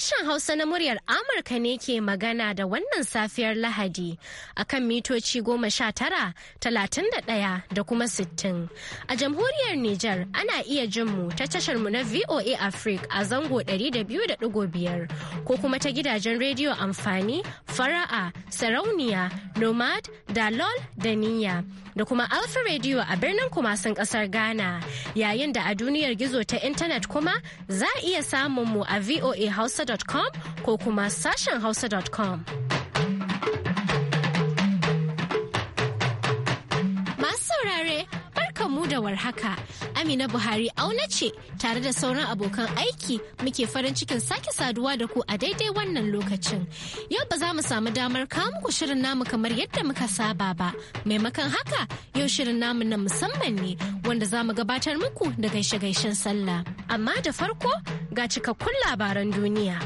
Sashen Hausa na muryar Amurka ne ke magana da wannan safiyar Lahadi a kan mitoci goma sha tara, talatin da ɗaya da kuma sittin. A jamhuriyar Nijar ana iya jin mu ta mu na VOA Africa a zango da da biyu biyar ko kuma ta gidajen rediyo amfani, fara'a, sarauniya, nomad, dalol da niyya. Da kuma Alfa Radio a birnin kumasin kasar Ghana yayin da a duniyar gizo ta intanet kuma za a iya samun mu a voa hausa hausa.com ko kuma sashen hausa.com. Masu saurare mu da warhaka. Amina Buhari auna ce tare da sauran abokan aiki muke farin cikin sake saduwa da ku a daidai wannan lokacin. Yau ba za mu samu damar kawo muku shirin namu kamar yadda muka saba ba. Maimakon haka yau shirin namu na musamman ne wanda za mu gabatar muku da gaishe-gaishen sallah. Amma da farko ga cikakkun labaran duniya.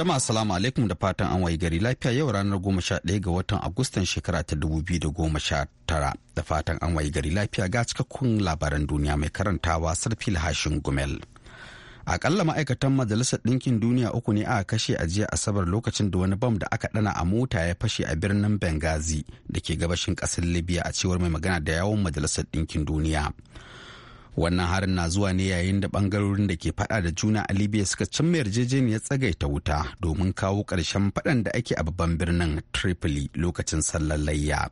Jama'a salamu alaikum da fatan an wayi gari lafiya yau ranar goma sha ɗaya ga watan Agustan shekara ta dubu biyu da goma sha tara da fatan an wayi gari lafiya ga cikakkun labaran duniya mai karantawa sarfil hashin gumel. Akalla ma'aikatan Majalisar Ɗinkin Duniya uku ne aka kashe a jiya Asabar lokacin da wani bam da aka ɗana a mota ya fashe a birnin Benghazi da ke gabashin ƙasar Libya a cewar mai magana da yawon Majalisar Ɗinkin Duniya. wannan harin na zuwa ne yayin da bangarorin da ke fada da juna a libya suka cimma yarjejeniyar tsagaita wuta domin kawo ƙarshen fadan da ake a babban birnin tripoli lokacin sallar layya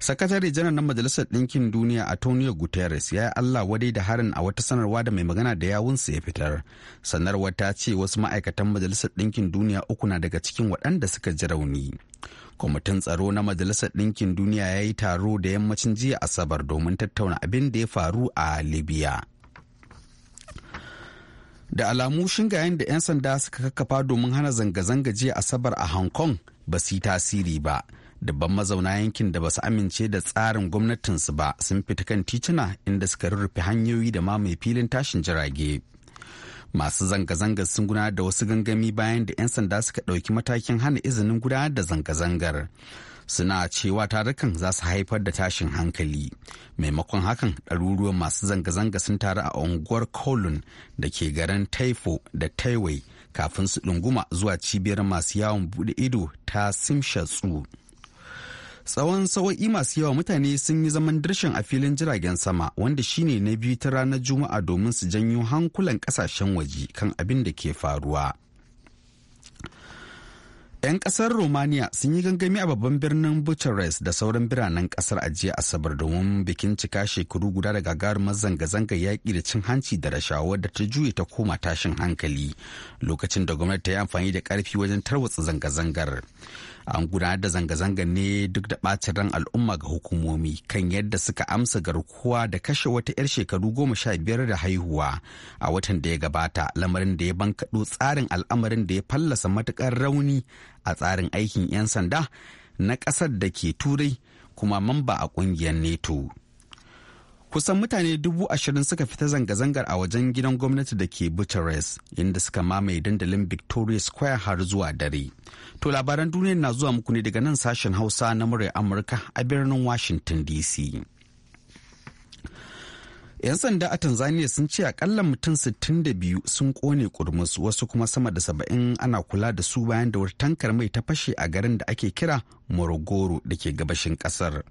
sakatare janar na majalisar ɗinkin duniya antonio guterres ya yi allah wadai da harin a wata sanarwa da mai magana da yawunsa ya fitar sanarwar ta ce wasu ma'aikatan majalisar ɗinkin duniya uku na daga cikin waɗanda suka ji rauni kwamitin tsaro na majalisar ɗinkin duniya ya yi taro da yammacin jiya asabar domin tattauna abin da ya faru a libya da alamu shingayen da 'yan sanda suka kakkafa domin hana zanga-zanga jiya asabar a hong kong ba su yi tasiri ba dabban mazauna yankin da ba su amince da tsarin gwamnatinsu ba sun fita kan tituna inda suka rurrufe hanyoyi da ma mai filin tashin jirage masu zanga-zangar sun gudanar da wasu gangami bayan da 'yan sanda suka ɗauki matakin hana izinin gudanar da zanga-zangar suna cewa tarukan za su haifar da tashin hankali maimakon hakan ɗaruruwan masu zanga-zanga sun taru a unguwar kowloon da ke garin taifo da taiwai kafin su ɗunguma zuwa cibiyar masu yawon buɗe ido ta simshatsu. tsawon sawa'i masu yawa mutane sun yi zaman dirshin a filin jiragen sama wanda shine na biyu ta ranar juma'a domin su janyo hankulan kasashen waje kan abin da ke faruwa 'yan kasar romania sun yi gangami a babban birnin bucharest da sauran biranen kasar a jiya asabar domin bikin cika shekaru guda da gagarumar zanga-zanga yaƙi da cin hanci da rashawa da ta juye ta koma tashin hankali lokacin da gwamnati ta yi amfani da ƙarfi wajen tarwatsa zanga-zangar an gudanar da zanga-zanga ne duk da ɓacin ran al'umma ga hukumomi kan yadda suka amsa garkuwa da kashe wata 'yar shekaru goma sha biyar da haihuwa a watan da ya gabata lamarin da ya bankaɗo tsarin al'amarin da ya fallasa matuƙar rauni a tsarin aikin 'yan sanda na ƙasar da ke turai kuma mamba a ƙungiyar neto kusan mutane dubu ashirin suka fita zanga-zangar a wajen gidan gwamnati da ke bucharest inda suka mamaye dandalin victoria square har zuwa dare to labaran duniya na zuwa muku ne daga nan sashen hausa na murya amurka a birnin washington dc 'yan sanda a tanzania sun ce akalla mutum 62 sun kone kurmus wasu kuma sama da 70 ana kula da su bayan da wata tankar mai ta fashe a garin da ake kira morogoro da ke gabashin kasar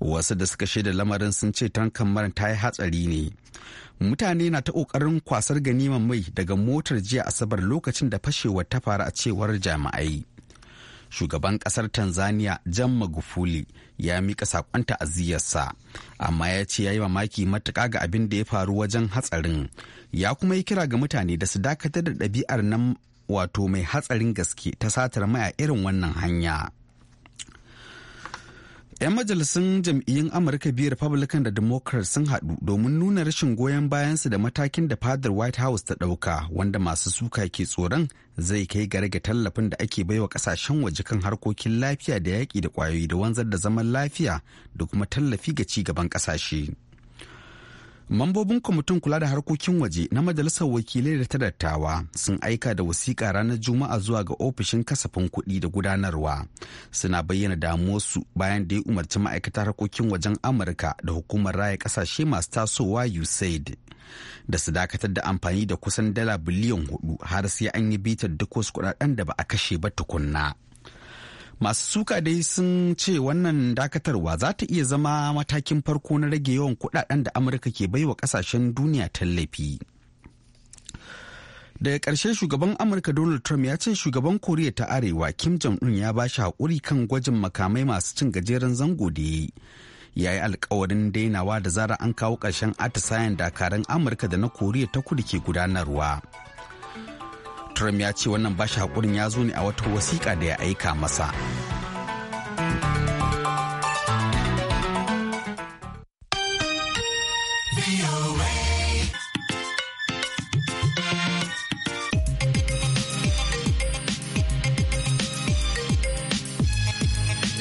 wasu da suka shaida lamarin sun ce tankan mara ta yi hatsari ne mutane na ta ƙoƙarin kwasar ganiman mai daga motar jiya asabar lokacin da fashewar ta faru a cewar jami'ai shugaban ƙasar tanzania jan magufuli ya miƙa saƙon ta'aziyarsa amma ya ce ya yi mamaki matuka ga abin da ya faru wajen hatsarin ya kuma yi kira ga mutane da su dakatar da ɗabi'ar nan wato mai hatsarin gaske ta satar mai a irin wannan hanya. 'Yan majalisun jam'iyyun Amurka biyu Republican da Democrat sun haɗu domin nuna rashin goyon bayansu da matakin da fadar White House ta ɗauka wanda masu suka ke tsoron zai kai ga rage tallafin da ake baiwa ƙasashen waje kan harkokin lafiya da yaƙi da ƙwayoyi da wanzar da zaman lafiya da kuma tallafi ga ci gaban ƙasashe. Mambobin kwamitin kula da harkokin waje na majalisar wakilai da ta dattawa sun aika da wasiƙa ranar Juma'a zuwa ga ofishin kasafin kuɗi da gudanarwa. Suna bayyana damuwarsu bayan da ya umarci ma'aikatar harkokin wajen Amurka da hukumar raya ƙasashe masu tasowa USAID da su dakatar da amfani da kusan dala biliyan hudu har sai an yi bitar duk wasu kuɗaɗen da ba a kashe ba tukunna. Masu suka dai sun ce wannan dakatarwa za ta iya zama matakin farko na rage yawan kudaden da Amurka ke baiwa kasashen duniya tallafi. Daga ƙarshe shugaban Amurka Donald Trump ya ce shugaban Koriya ta Arewa Kim Jong-un ya ba shi haƙuri kan gwajin makamai masu cin gajeren zango da ya yi. ya yi alkawarin dainawa da zara an kawo ƙarshen atisayen dakarun amurka da na koriya ta kudu ke gudanarwa Trump ya ce wannan bashi haƙurin ya zo ne a wata wasiƙa da ya aika masa.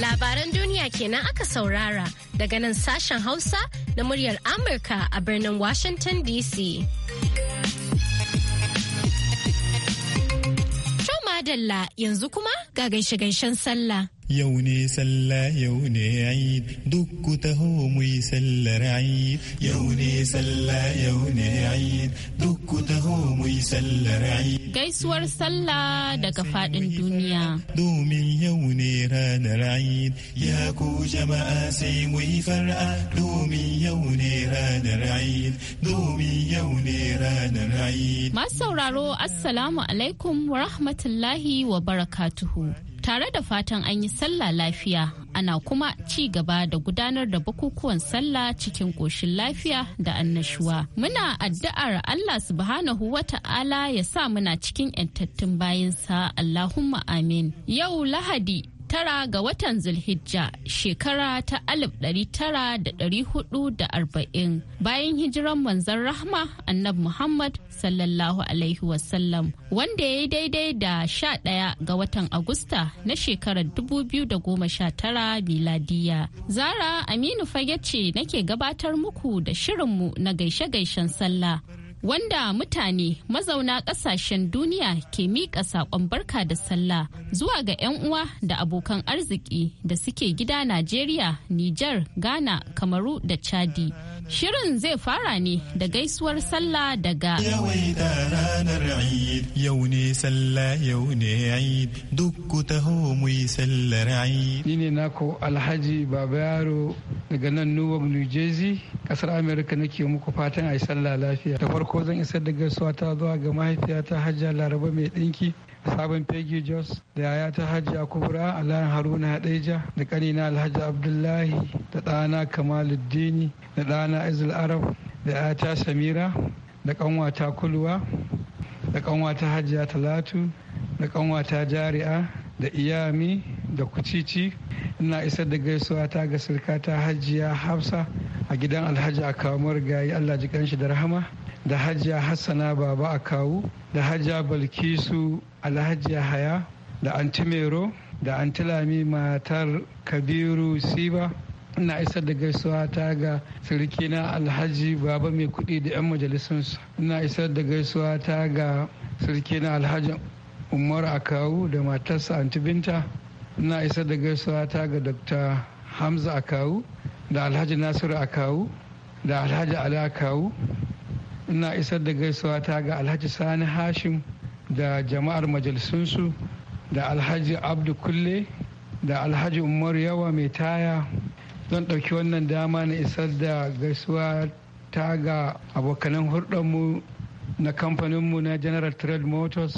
Labaran duniya kenan aka saurara daga nan sashen Hausa na muryar Amurka a birnin Washington DC. madalla yanzu kuma ga gaishe-gaishen sallah. yau ne sallah yau ne aid duk ku taho mu yi sallar aid yau ne sallah yau ne aid duk ku taho mu yi sallar aid gaisuwar sallah daga fadin duniya domin yau ne ranar aid ya ku jama'a sai mu yi far'a domin yau ne ranar aid domin yau ne ranar aid masu sauraro assalamu alaikum wa rahmatullahi wa barakatuhu tare da fatan an yi sallah lafiya ana kuma ci gaba da gudanar da bukukuwan sallah cikin ƙoshin lafiya da annashuwa muna addu'ar allah subhanahu wa ta'ala ya sa muna cikin yantattun bayansa allahumma amin yau lahadi tara ga watan Zulhijja shekara ta alif ɗari tara da ɗari hudu da arba'in bayan hijiran manzon rahma annabi Muhammad sallallahu alaihi wasallam wanda ya yi daidai da sha ɗaya ga watan Agusta na shekarar dubu biyu da goma sha tara miladiya. Zara Aminu fage ce nake gabatar muku da shirinmu na gaishe-gaishen sallah wanda mutane mazauna ƙasashen duniya ke miƙa saƙon barka da sallah zuwa ga 'yan uwa da abokan arziki da suke gida Najeriya, Nijar, Ghana, Kamaru da Chadi. Shirin zai fara ne da gaisuwar sallah daga yau ne sallah yau ne ayi duk ku taho mu yi sallar ayi. Ni ne nako Alhaji Baba Yaro daga nan Newark New Jersey kasar Amerika nake muku fatan a yi sallah lafiya. Da farko zan isar da gaisuwa ta zuwa ga mahaifiyata Hajja Laraba mai ɗinki sabon fegi jos da yaya ta hajji a kubura alhaji haruna daija da kanina alhaji abdullahi da ɗana kamaluddini da ɗana izil arab da ta samira da ƙanwata kulwa da ƙanwata hajjiya talatu da ƙanwata jari'a da iyami da kucici ina isar da gaisuwa ta ga sirkata hajiya hafsa a gidan alhaji a kawo gayi. allah ji kanshi da rahama da hajiya hassana baba a kawu da hajiya balkisu alhaji haya da antimero da antilami matar kabiru siba ina isar da gaisuwa ta ga sirikina alhaji baba mai kudi da 'yan majalisunsu ina isar da gaisuwa ta ga sirikina alhaji umar akawu da matarsa antibinta na isa da gaisuwa ta ga dr hamza akawu da alhaji nasiru akawu da alhaji ali akawu ina isar da gaisuwa ta ga alhaji sani hashim da jama'ar majalisunsu da alhaji abdu kulle da alhaji umar yawa mai taya don ɗauki wannan dama na isar da gaisuwa ta ga abokanan hurɗanmu na kamfaninmu na general trade motors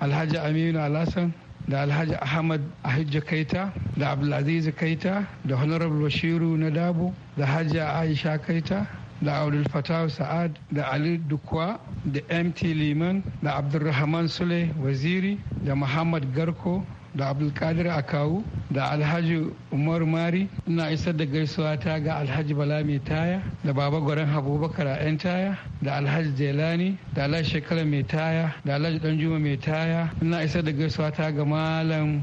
alhaji aminu alhassan da alhaji ahmad ahijja kaita da abdulaziz kaita da honorable bashiru na dabo da hajiya aisha kaita da abdul sa'ad da ali dukwa da mt liman da abdulrahman sule waziri da muhammad garko da abdulkadir akawu da alhaji umar mari ina isar da gaisuwa ta ga alhaji bala mai taya da baba gwaran abubakar a 'yan taya da alhaji jelani da alhaji shekara mai taya da alhaji juma mai taya ina isar da gaisuwa ta ga malam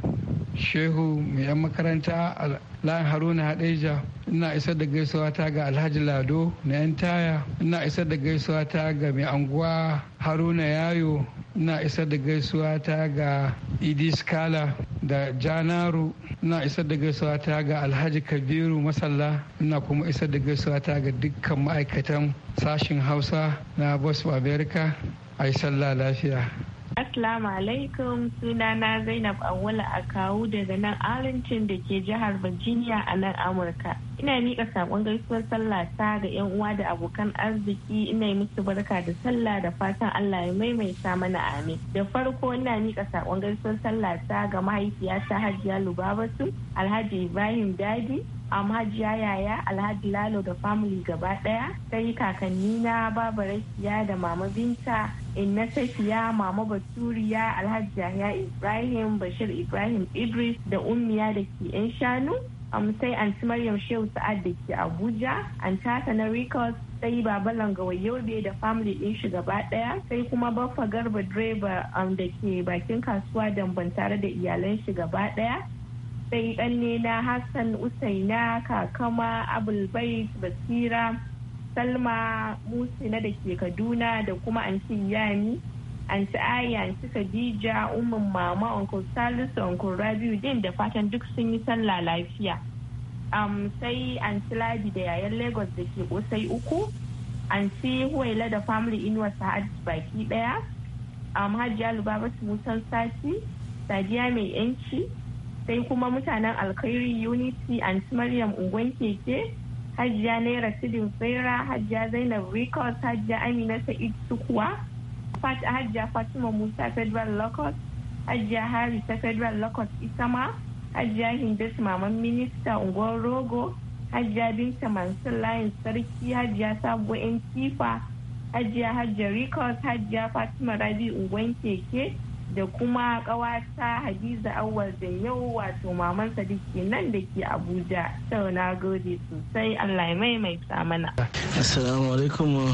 shehu mai yan makaranta layin haruna hadeja ina isar da gaisuwa ta ga alhaji lado na yan taya ina isar da gaisuwa ta ga mai anguwa haruna yayo na isar da gaisuwa ta ga idis kala da janaru na isar da gaisuwa ta ga alhaji kabiru masalla na kuma isar da gaisuwa ta ga dukkan ma'aikatan sashen hausa na bosu america a yi lafiya Assalamu alaikum sunana Zainab Awala a kawu daga nan Arlington da ke jihar Virginia a nan Amurka. Ina miƙa saƙon gaisuwar sallah ta ga 'yan uwa da abokan arziki ina yi musu barka da sallah da fatan Allah ya maimaita mana amin. Da farko ina miƙa saƙon gaisuwar sallah ta ga mahaifiyata Hajiya Lubabatu, Alhaji Ibrahim Dadi, hajiya yaya alhaji lalo da family gaba daya sai kakanni na baba da mama binta inna safiya mama baturiya alhaji yahya ibrahim bashir ibrahim idris da ummiya da ke yan shanu sai anti maryam shehu sa'ad da ke abuja antata na records sai baba langawa yobe da family din shi gaba daya sai kuma baffa garba direba da ke bakin kasuwa damban tare da iyalan shi gaba daya sai na hassan usaina kakama abulbai basira salma musina da ke kaduna da kuma anti yami anti aya anti khadija ummin mama uncle salisu uncle rabiu din da fatan duk sun yi sallah lafiya um, sai anti ladi da yayan lagos da ke uku anti huwaila da family inuwa sa'ad baki daya um, hajiya lubabatu musan sati sadiya mai yanci sai kuma mutanen alkhairi unity and maryam ungwen keke hajiya naira sidin faira hajiya zainab records hajiya amina sa'id sukuwa hajiya fatima musa federal locust hajiya hari ta federal locust ita ma hajiya hindus maman minista unguwar rogo hajiya binta mansur layin sarki hajiya sabo yan kifa hajiya hajiya records hajiya fatima rabi unguwan keke da kuma ƙawata hadiza awal da yau wato maman sadiki nan da ke abuja sau na gode sosai allah ya maimaita mana assalamu alaikum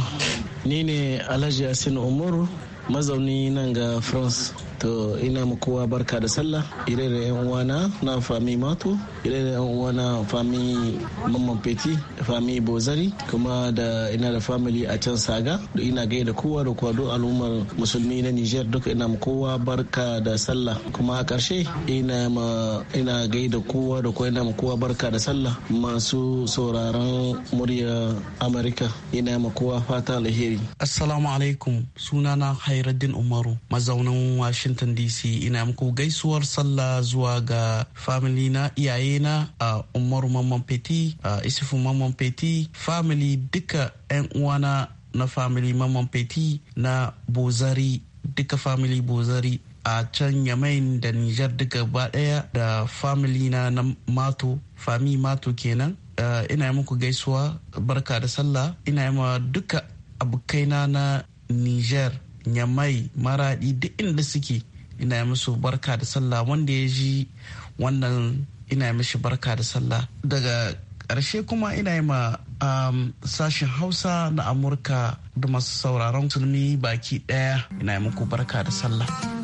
ni ne alhaji yasin umaru mazauni nan ga France to ina mu kowa barka da sallah ire da yan uwana na fami mato ire da yan uwana fami mamman peti fami bozari kuma da ina da family a can saga da ina gaida da kowa da kwado al'ummar musulmi na Niger duka ina mu kowa barka da sallah kuma a karshe ina ma ina gaida kowa da kowa ina mu kowa barka da sallah masu sauraron murya Amurka ina ma kowa fata alheri assalamu alaikum sunana hay Khairuddin Umaru mazaunin Washington DC ina muku gaisuwar sallah zuwa ga family na iyaye na a Umaru Mamman Peti a isifu Mamman Peti family duka 'yan uwana na family Mamman Feti na Bozari duka family Bozari a can Yamain da Nijar duka ba ɗaya da family na na Mato fami Mato kenan Uh, ina yi muku gaisuwa barka da sallah ina yi ma duka abokaina na niger nyamai maradi duk inda suke ina musu barka da sallah wanda ya ji wannan ina mishi barka da sallah daga ƙarshe kuma ina yi ma um, sashen hausa na amurka da masu sauraron musulmi baki ɗaya ina yi muku barka da sallah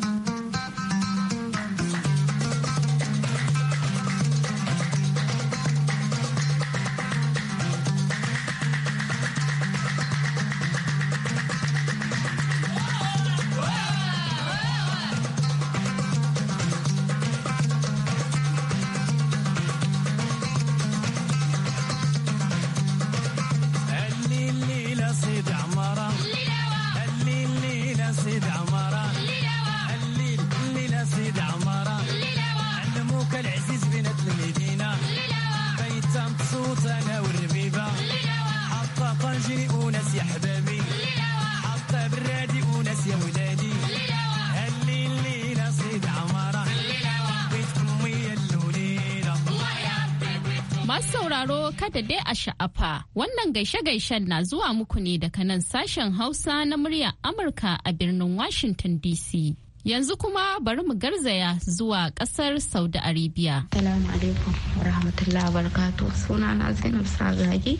sauraro kada dai a sha'afa. Wannan gaishe-gaishen na zuwa muku ne daga nan sashen Hausa na muryar Amurka a birnin Washington DC. Yanzu kuma bari mu garzaya zuwa kasar Saudi Arabia. Salamu alaikum wa rahmatullahi wa Suna na Zainab Sagagi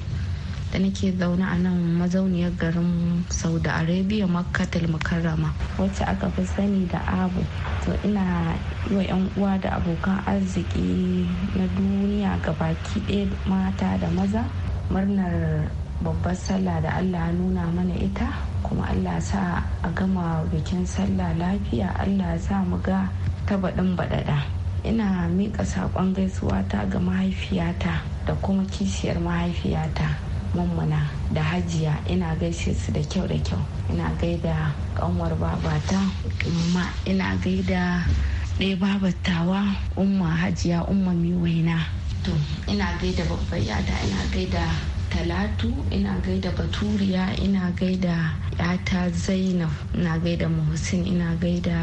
da nake zaune a nan mazauniyar garin saudi arabia makkatul mukarrama wacce aka fi sani da abu to ina yi wa 'yan uwa da abokan arziki na duniya ga baki ɗaya mata da maza murnar babbar sallah da allah nuna mana ita kuma allah sa a gama bikin sallah lafiya allah sa mu ga tabaɗin baɗaɗa ina miƙa saƙon gaisuwata ga mahaifiyata da kuma kishiyar mahaifiyata mummuna da hajiya ina gaishe su da kyau da kyau ina gaida kanwar babata umma ina gaida ɗaya babatawa umma hajiya umma miwaina to ina gaida babbar yada ina gaida talatu ina gaida baturiya ina gaida yata zainab ina gaida muhsin ina gaida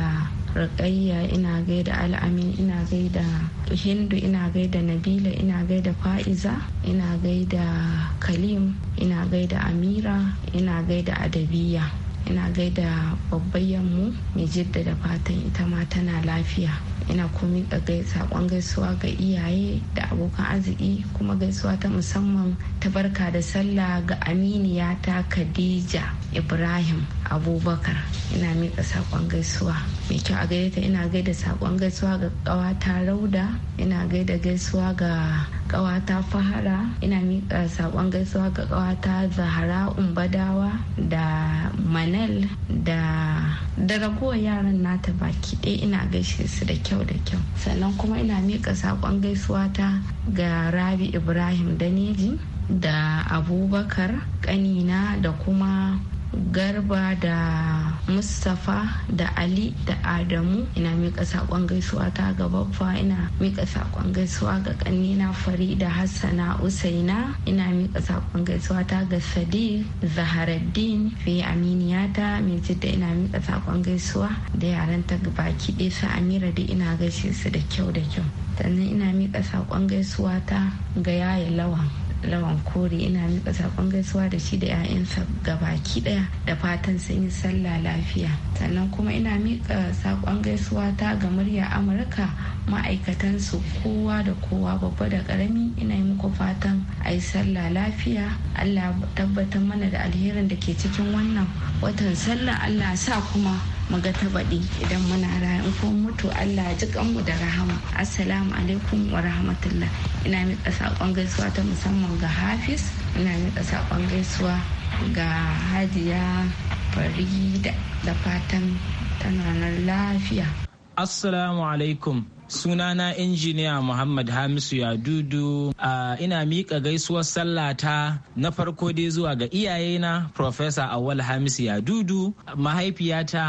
raƙayya ina gaida al'amin ina gaida hindu ina gaida nabila ina gaida fa'iza ina gaida kalim ina gaida amira ina gaida adabiya ina gaida mu mai jidda da fatan ita ma tana lafiya ina kuma ga sakon gaisuwa ga iyaye da abokan arziki kuma gaisuwa ta musamman ta barka da sallah ga aminiya ta khadija ibrahim abubakar ina miƙa saƙon gaisuwa mai kyau a gaida ina gaida saƙon gaisuwa ga ƙawata rauda ina gaida gaisuwa ga ƙawata fahara ina miƙa saƙon gaisuwa ga ƙawata zahara umbadawa da manal da da ragowar yaran nata baki ɗaya ina gaishe su da kyau da kyau sannan kuma ina miƙa saƙon gaisuwa ta ga rabi ibrahim daneji da abubakar ƙanina da kuma garba da mustapha da ali da adamu ina miƙa saƙon gaisuwa ta ga babba ina miƙa saƙon gaisuwa ga kanina farida hassana usaina ina miƙa saƙon gaisuwa ta ga sadiq zaharaddin fi aminiyata mai jidda ina miƙa saƙon gaisuwa da yaran ta baki ɗaya su amira da ina gaishe su da kyau da kyau sannan ina miƙa saƙon gaisuwa ta ga yaya lawan lawan kore ina miƙa saƙon gaisuwa da shi da 'ya'yansa ga baki ɗaya da fatan sun yi sallah lafiya sannan kuma ina miƙa saƙon gaisuwa ta ga murya amurka ma'aikatansu kowa da kowa babba da ƙarami ina yi muku fatan a yi sallah lafiya allah tabbatar mana da alherin da ke cikin wannan watan sallah allah sa kuma mu ga ta baɗi idan muna rayu ko mutu Allah ji kanmu da rahama assalamu alaikum wa rahmatullah ina miƙa saƙon gaisuwa ta musamman ga hafiz ina miƙa saƙon gaisuwa ga hajiya farida da fatan tana nan lafiya assalamu alaikum sunana injiniya muhammad hamisu yadudu uh, ina miƙa gaisuwar sallata na farko dai zuwa ga iyayena professor awal hamisu yadudu mahaifiyata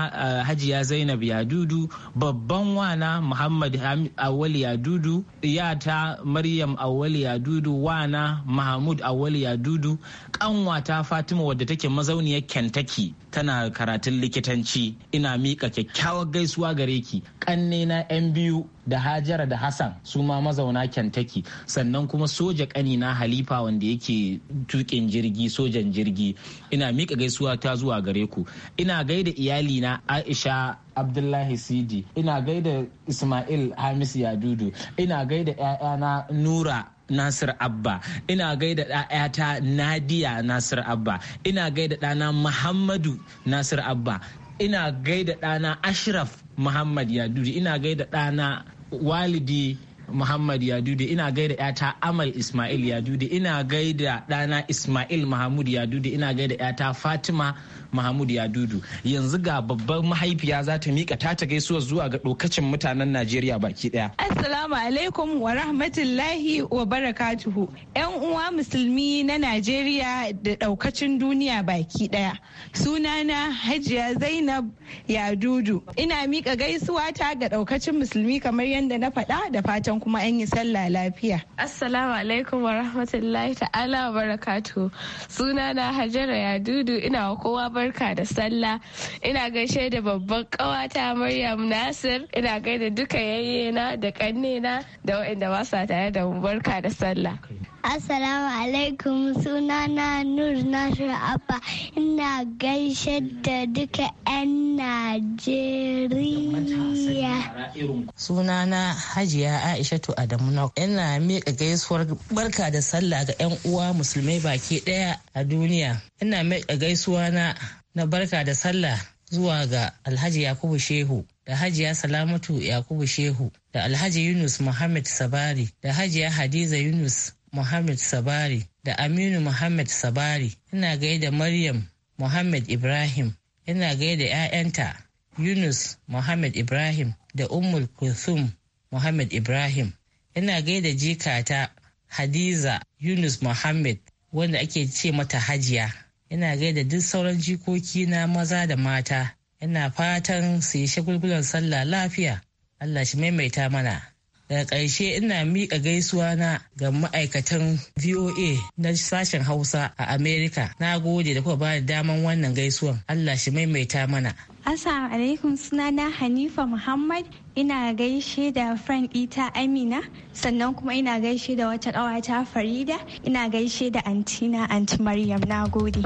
hajiya zainab yadudu babban wana muhammad awal yadudu yata maryam awal yadudu wana mahmud awal yadudu kanwata fatima wadda take mazauniyar kentucky tana karatun likitanci ina miƙa kyakkyawar gaisuwa gare ki ƙannena na 'yan biyu da hajara da hassan su ma mazauna kentucky sannan kuma soja ƙanina na halifa wanda yake tuƙin jirgi sojan jirgi ina miƙa gaisuwa ta zuwa gare ku ina gaida iyali na aisha abdullahi sidi ina gaida ismail hamis yadudu ina gaida 'ya'yana nura Nasir Abba, ina gaida ‘ya'yata nadia Nasir Abba, ina gaida ɗana Muhammadu Nasir Abba, ina gaida ɗana Ashraf Muhammad Yaduri, ina gaida ɗana Walidi Muhammad Yadudi, ina gaida ‘yata Amal Ismail Yadudi, ina gaida ɗana Ismail Muhammad Yadudi, ina gaida ‘yata Fatima Mahmud Yadudu yanzu ga babbar mahaifiya za ta mika ta ta gaisuwa zuwa ga dokacin mutanen Najeriya baki daya. Assalamu alaikum wa rahmatullahi wa barakatuhu. Yan uwa musulmi na Najeriya da daukacin duniya baki daya. Sunana Hajiya Zainab ya dudu ina mika gaisuwa ta ga ɗaukacin musulmi kamar yadda na faɗa da fatan kuma an yi sallah lafiya assalamu alaikum wa rahmatullahi ta'ala wa barakatu suna na hajara ya dudu ina wa kowa barka da sallah ina gaishe da babban ƙawata maryam nasir ina gaida duka yayyena da kannena da waɗanda ba sa tare da mu barka da sallah Assalamu alaikum suna na Nur Nashir Abba ina gaishe da duka 'yan Najeriya. Suna na Hajiya Aishatu Adamu Nok. Ina miƙa gaisuwar barka da sallah ga 'yan uwa musulmai baki ɗaya a duniya. Ina miƙa gaisuwa na na barka da sallah zuwa ga Alhaji Yakubu Shehu. da hajiya salamatu yakubu shehu da alhaji yunus muhammad sabari da hajiya hadiza yunus Muhammad Sabari da Aminu Muhammad Sabari. Ina gaida Maryam Muhammad Ibrahim. Ina gaida 'ya'yanta Yunus Muhammad Ibrahim da Ummul Kulthum Muhammad Ibrahim. Ina gaida jikata Hadiza Yunus Muhammad wanda ake ce mata hajiya. Ina gaida duk sauran jikoki na maza da mata. Ina fatan su yi shagulgulan sallah lafiya. Allah shi maimaita mana. daga ƙarshe ina miƙa gaisuwa na ga ma'aikatan voa na sashen hausa a america na gode da kuma bani daman wannan gaisuwan allah shi maimaita mana assalamu alaikum na hanifa muhammad ina gaishe da friend ita amina sannan kuma ina gaishe da wata ƙawata farida ina gaishe da antina anti maryam na gode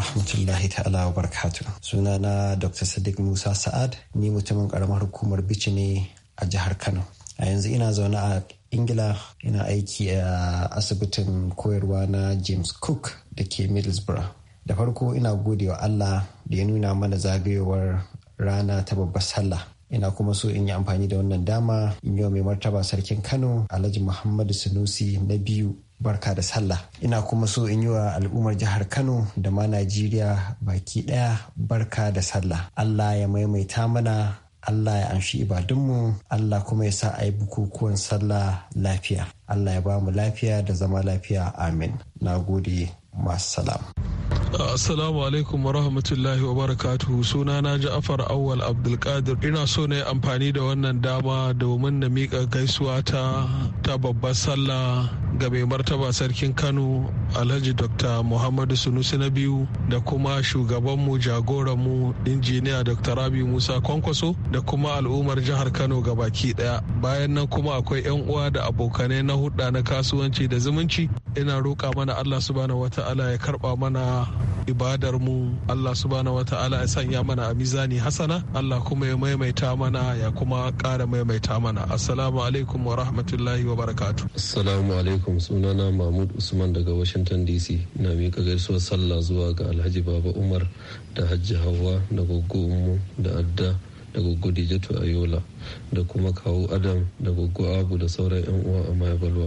rahmatullahi ta'ala wa barkatu. Sunana Dr. Sadiq Musa Sa'ad, ni mutumin karamar hukumar Bichi ne a jihar Kano. A yanzu ina zaune a Ingila ina aiki a asibitin koyarwa na James Cook da ke Middlesbrough. Da farko ina gode wa Allah da ya nuna mana zagayowar rana ta babbar sallah. Ina kuma so in yi amfani da wannan dama in yi wa mai martaba sarkin Kano Alhaji Muhammadu Sunusi na biyu barka da sallah ina kuma so in yi wa al'ummar jihar kano da ma najeriya baki daya barka da sallah allah ya maimaita mana allah ya amshi ibadunmu allah kuma ya sa a yi bukukuwan sallah lafiya allah ya ba mu lafiya da zama lafiya amin na gode masu salam Assalamu alaikum wa rahmatullahi wa barakatuhu suna na Ja'afar Awwal Abdulkadir ina so na yi amfani da wannan dama domin na miƙa gaisuwa ta ta babbar sallah ga mai martaba sarkin Kano Alhaji Dr. Muhammadu Sunusi na biyu da kuma shugabanmu jagoranmu injiniya Dr. Rabi Musa Kwankwaso da kuma al'ummar jihar Kano gabaki daya bayan nan kuma akwai 'yan uwa da abokanai na hudda na kasuwanci da zumunci ina roƙa mana Allah subhanahu wata'ala ya karba mana ibadar mu Allah subhanahu ta'ala ya sanya mana a mizani hasana Allah kuma ya maimaita mana ya kuma ƙara maimaita mana assalamu alaikum wa rahmatullahi wa barakatu assalamu alaikum sunana mahmud usman daga washington dc na mika gaisuwar sallah zuwa ga alhaji baba umar da hajji hawa da gugu da adda da gugu Dijatu Ayola da kuma Kawu Adam da gugu Abu da sauran 'yan uwa a Mayabalwa.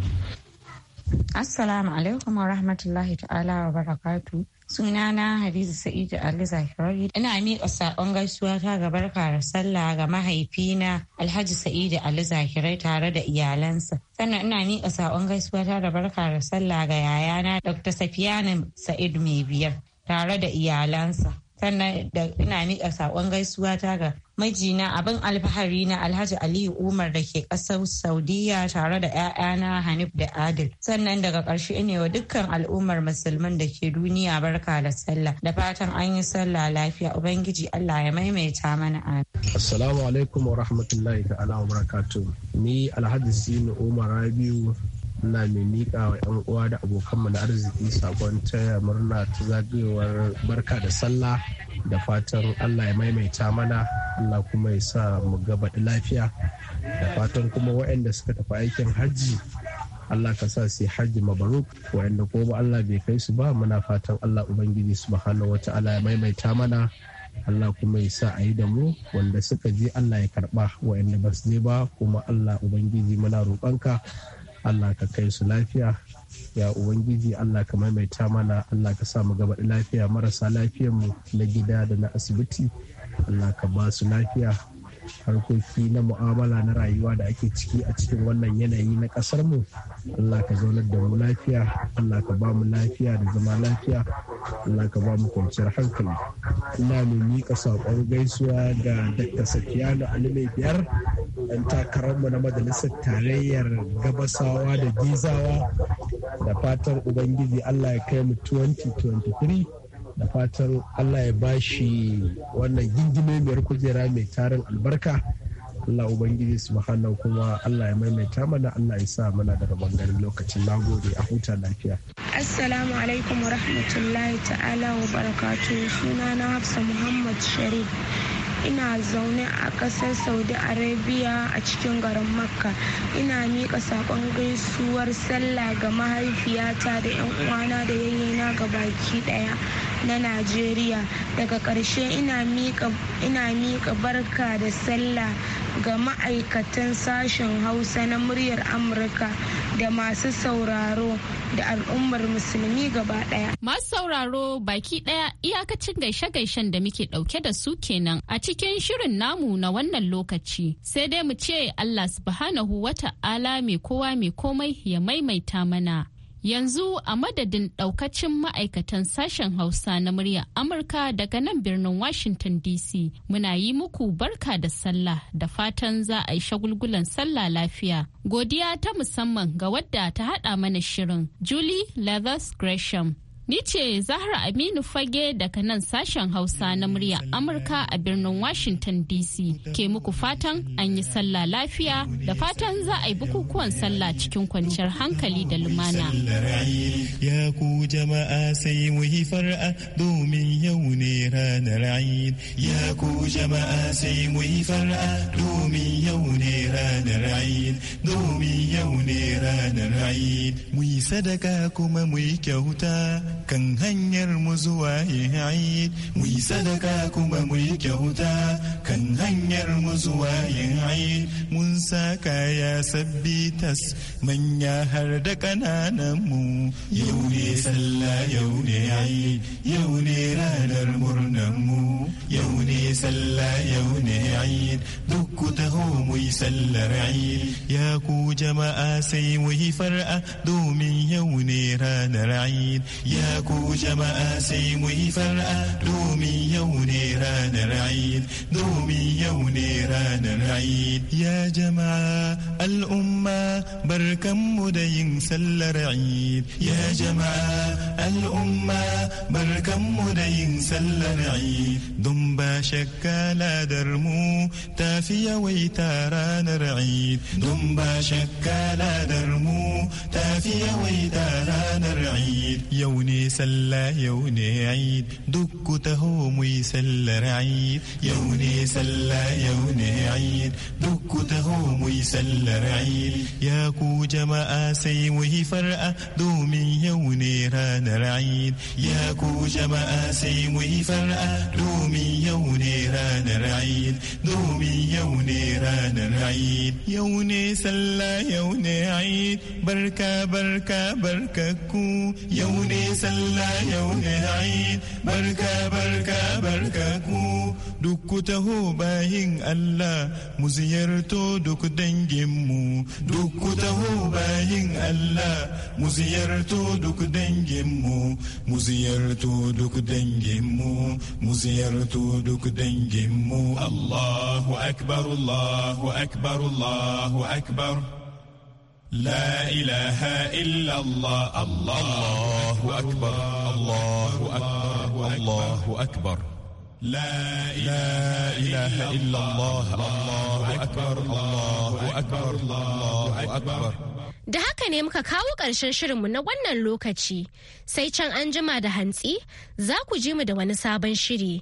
Assalamu alaikum wa rahmatullahi ta'ala wa barakatu. sunana hadiza sa'idu ali zakirari ina miƙa saƙon gaisuwa ta ga barka sallah ga mahaifina alhaji sa'idu ali zakirai tare da iyalansa sannan ina miƙa saƙon gaisuwa ta da barka da sallah ga yayana dr safiyanin Sa'idu mai biyar tare da iyalansa sannan da ina miƙa saƙon gaisuwa ta ga mijina abin alfahari na alhaji aliyu umar da ke ƙasar saudiya tare da 'ya'yana hanif da adil sannan daga ƙarshe ne wa dukkan al'ummar musulman da ke duniya barka da sallah da fatan an yi sallah lafiya ubangiji allah ya maimaita mana amin assalamu alaikum wa rahmatullahi ta'ala wa barakatuh ni alhaji sinu umar rabiu muna mai miƙa wa 'yan uwa da abokanmu na arziki sakon taya murna ta zagayowar barka da sallah da fatan allah ya maimaita mana allah kuma ya sa mu gabaɗi lafiya da fatan kuma waɗanda suka tafi aikin hajji Allah ka sa su hajji mabaruk waɗanda ko ba Allah bai kai su ba muna fatan Allah Ubangiji subhanahu wa ta'ala ya maimaita mana Allah kuma ya sa a yi da mu wanda suka je Allah ya karɓa. wa'anda ba su je ba kuma Allah Ubangiji muna roƙonka Allah ka kai su lafiya ya ubangiji Allah ka maimaita mana Allah ka sa mu gaba lafiya marasa lafiyar na gida da na asibiti Allah ka ba su lafiya harkoki na mu'amala na rayuwa da ake ciki a cikin wannan yanayi na kasar mu Allah ka zaunar da mu lafiya Allah ka ba mu lafiya da zama lafiya Allah ka ba mu kwanciyar hankali ina mu mika saƙon gaisuwa ga Dr. Sakiyano Ali mai biyar dan mu na majalisar tarayyar gabasawa da gizawa da fatan ubangiji Allah ya kai mu 2023 da fatan allah ya bashi wannan mai kujera mai tarin albarka Allah Ubangiji su kuma Allah ya maimaita mana Allah ya sa mana daga bangaren lokacin na a huta lafiya. Assalamu alaikum wa rahmatullahi ta'ala wa barakatu suna na Hafsa Muhammad Sharif. ina zaune a kasar saudi arabia a cikin garin makka ina miƙa saƙon gaisuwar sallah ga mahaifiyata da 'yan uwana da yayyena ga baki ɗaya na najeriya daga ƙarshe ina miƙa barka da sallah ga ma'aikatan sashen hausa na muryar amurka da masu sauraro da al'ummar musulmi gaba daya masu sauraro baki daya iyakacin gaishe-gaishen da muke dauke da su kenan a cikin shirin namu na wannan lokaci sai dai mu ce allah subhanahu wata'ala mai kowa mai komai ya maimaita mana Yanzu a madadin ɗaukacin ma'aikatan sashen Hausa na muryar Amurka daga nan birnin Washington DC muna yi muku barka da sallah da fatan za a yi shagulgulan sallah lafiya. Godiya ta musamman ga wadda ta haɗa mana shirin Julie Leathers Gresham. Ni ce Zahra Aminu Fage daga nan sashen Hausa na murya Amurka a birnin Washington DC ke muku fatan an yi sallah lafiya da fatan za a yi bukukuwan sallah cikin kwanciyar hankali da lumana. Ya ku jama'a sai mu yi far'a domin yau ne ranar ayin. Ya ku jama'a sai mu yi far'a domin yau ne ranar ayin. Domin yau ne ranar ayin. Mu yi sadaka kuma mu yi kyauta. kan hanyar mu zuwa yin mu yi sadaka kuma mu yi kyauta kan hanyar mu zuwa Eid mun sa kaya sabbi tas manya har da kananan mu yau ne sallah yau ne yau ne ranar murnan mu yau ne sallah yau ne Eid duk ku taho mu yi sallar Eid ya ku jama'a sai mu yi far'a domin yau ne ranar Eid ya ku jama'a sai mu yi far'a domin yau ne ranar Eid domin yau ne ranar Eid ya jama'a al'umma barkanmu da yin sallar Eid ya jama'a al'umma barkanmu da yin sallar Eid don ba shakka ladar mu tafi yawaita ranar Eid don ba shakka ladar mu tafi yawaita ranar Eid yau ne يوني سلا يوني عيد دك تهو مي سلا رعيد يوني سلا يوني عيد دك تهو مي سلا رعيد يا كو جما سي وهي فرأة دومي يوني ران رعيد يا كو جما سي وهي فرأة دومي يوني ران رعيد دومي يوني ران رعيد يوني سلا يوني عيد بركة بركة بركة كو يوني sallah yau Eid barka barka barka ku duk taho bayin Allah mu ziyarto duk danginmu duk ku taho bayin Allah mu ziyarto duk danginmu mu ziyarto duk danginmu mu ziyarto duk danginmu Allahu akbar Allahu akbar Allahu akbar لا إله إلا الله الله أكبر الله أكبر الله أكبر لا إله إلا الله الله أكبر الله أكبر الله أكبر Da haka ne muka kawo ƙarshen shirinmu na wannan lokaci, sai can an jima da hantsi za ku ji mu da wani sabon shiri.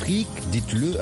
Afrique, dites-le à